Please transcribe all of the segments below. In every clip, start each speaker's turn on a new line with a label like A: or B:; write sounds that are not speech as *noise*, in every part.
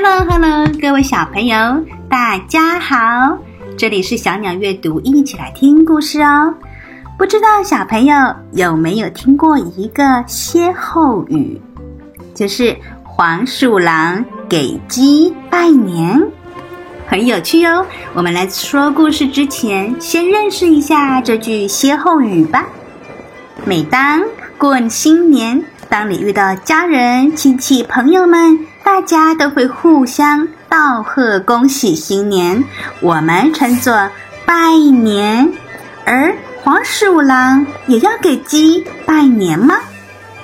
A: Hello，Hello，hello, 各位小朋友，大家好，這裡是小鳥閱讀，一起來聽故事哦。不知道小朋友有沒有聽過一個歇後語，就是黃鼠狼給雞拜年，很有趣哦。我們來說故事之前，先認識一下這句歇後語吧。每當過新年，當你遇到家人、親戚、朋友們。大家都會互相道賀、恭喜新年，我們稱作拜年。而黃鼠狼也要給雞拜年嗎？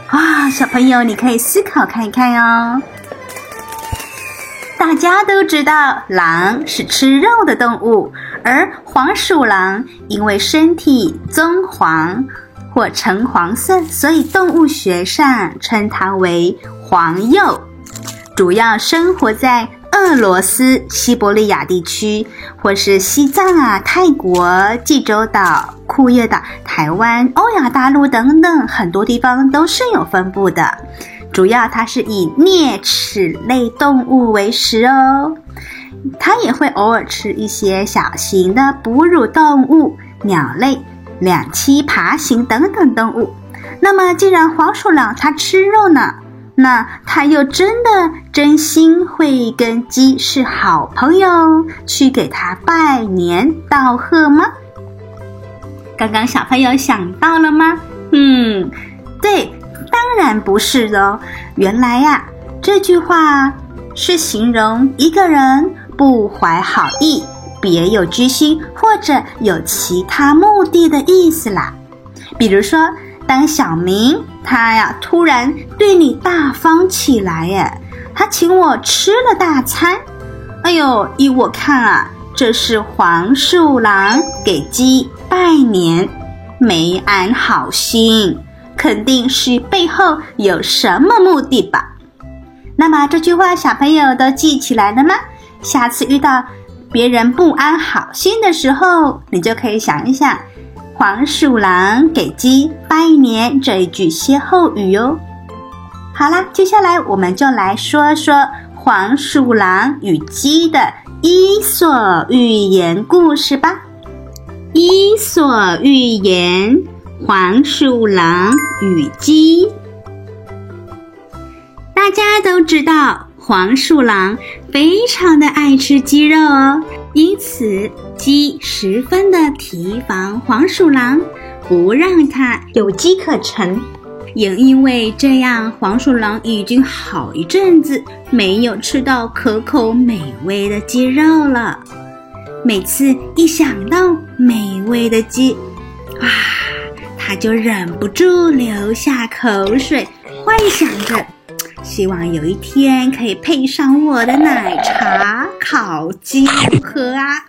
A: 啊，小朋友，你可以思考看一看哦。大家都知道，狼是吃肉的動物，而黃鼠狼因為身體棕黃或橙黃色，所以動物學上稱它為黃鼬。主要生活在俄羅斯西伯利亞地區，或是西藏啊、泰國、濟州島、庫頁島、台灣、歐亞大陸等等很多地方都是有分布的。主要它是以齧齒類動物為食哦，它也會偶爾吃一些小型的哺乳動物、鳥類、兩棲、爬行等等動物。那麼，既然黃鼠狼它吃肉呢？那他又真的真心會跟雞是好朋友，去給他拜年道賀嗎？剛剛小朋友想到了嗎？嗯，對，當然不是的哦。原來呀，這句話是形容一個人不懷好意、別有居心或者有其他目的的意思啦。比如說。當小明他呀突然對你大方起來耶，他請我吃了大餐。哎呦，依我看啊，這是黃鼠狼給雞拜年，沒安好心，肯定是背後有什麼目的吧。那麼這句話小朋友都記起來了嗎？下次遇到別人不安好心的時候，你就可以想一想。黃鼠狼給雞拜年，這一句歇後語喲、哦。好啦，接下來我們就來說說黃鼠狼與雞的《伊索寓言》故事吧。《伊索寓言》黃鼠狼與雞，大家都知道黃鼠狼非常的愛吃雞肉哦。因此，雞十分的提防黃鼠狼，不讓它有機可乘。也因為這樣，黃鼠狼已經好一陣子沒有吃到可口美味的雞肉了。每次一想到美味的雞，哇，它就忍不住流下口水，幻想着。希望有一天可以配上我的奶茶烤雞。 *laughs* 喝啊！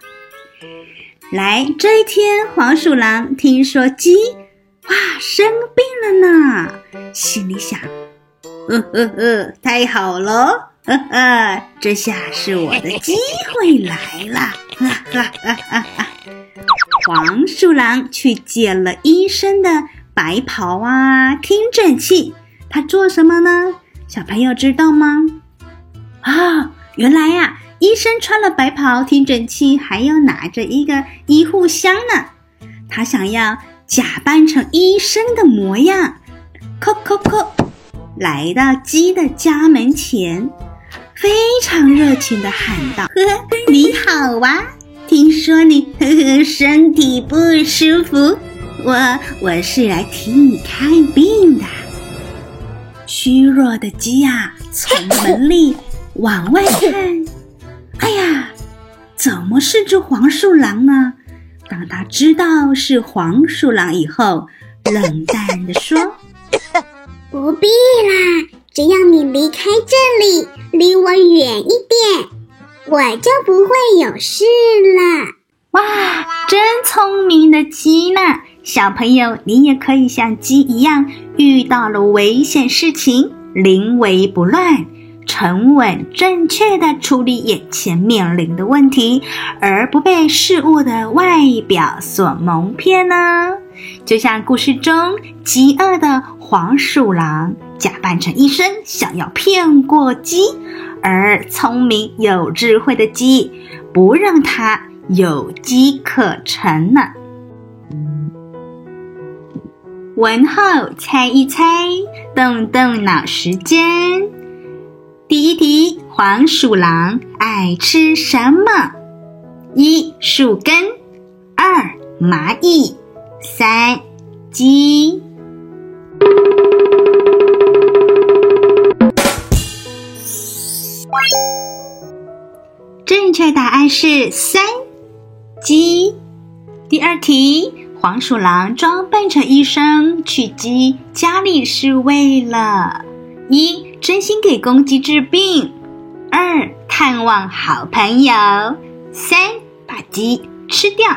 A: 來，這一天，黃鼠狼聽說雞哇生病了呢，心裡想：呃呃呃，太好嘍！呃呃，這下是我的機會來了！哈哈哈哈哈！黃鼠狼去借了醫生的白袍啊、聽診器，他做什麼呢？小朋友知道嗎？啊，原來呀、啊，醫生穿了白袍、聽診器，還有拿着一個醫護箱呢。他想要假扮成醫生的模樣，扣扣扣。來到雞的家門前，非常熱情的喊道：“ *laughs* 你好啊玩， *laughs* 聽說你呵呵身體不舒服，我我是來替你看病的。”虛弱的雞呀、啊，從門裡 *coughs* 往外看，哎呀，怎麼是只黃鼠狼呢？當他知道是黃鼠狼以後，冷淡地說：“不必啦，只要你離開這裡，離我遠一點，我就不會有事了。”哇，真聰明的雞呢、啊！小朋友，你也可以像雞一樣，遇到了危險事情臨危不亂，沉穩正確的處理眼前面臨的問題，而不被事物的外表所蒙騙呢、啊？就像故事中飢餓的黃鼠狼假扮成醫生，想要騙過雞，而聰明有智慧的雞不讓它。有機可乘呢。文後猜一猜，動動腦時間。第一題，黃鼠狼愛吃什麼？一樹根，二螞蟻，三雞。正確答案是三。雞。第二題，黃鼠狼裝扮成醫生去雞家裡是為了：一、真心給公雞治病；二、探望好朋友；三、把雞吃掉。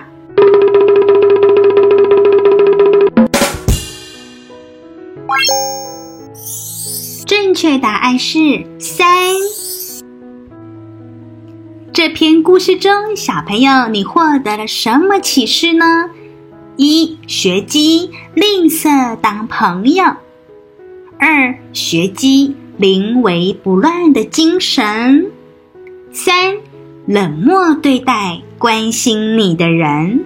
A: 正確答案是三。這篇故事中，小朋友，你獲得了什麼啟示呢？一、學雞吝嗇當朋友；二、學雞臨危不亂的精神；三、冷漠對待關心你的人。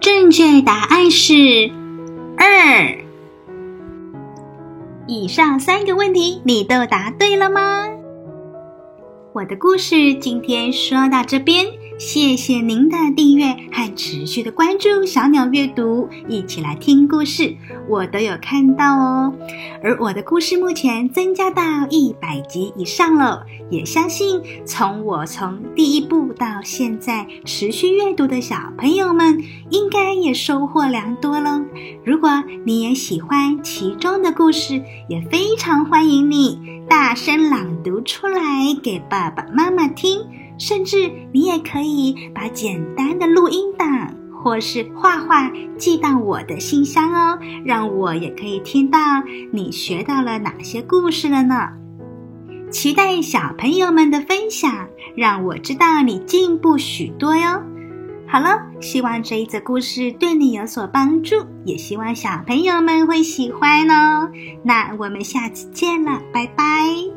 A: 正確答案是。以上三個問題，你都答對了嗎？我的故事今天說到這邊。謝謝您的訂閱和持續的關注，小鳥閱讀，一起來聽故事，我都有看到哦。而我的故事目前增加到一百集以上了，也相信從我從第一部到現在持續閱讀的小朋友們，應該也收穫良多嘍。如果你也喜歡其中的故事，也非常歡迎你大聲朗讀出來給爸爸媽媽聽。甚至你也可以把簡單的錄音檔或是畫畫寄到我的信箱哦，讓我也可以聽到你學到了哪些故事了呢？期待小朋友們的分享，讓我知道你進步許多喲。好了，希望這一則故事對你有所幫助，也希望小朋友們會喜歡哦。那我們下次見了，拜拜。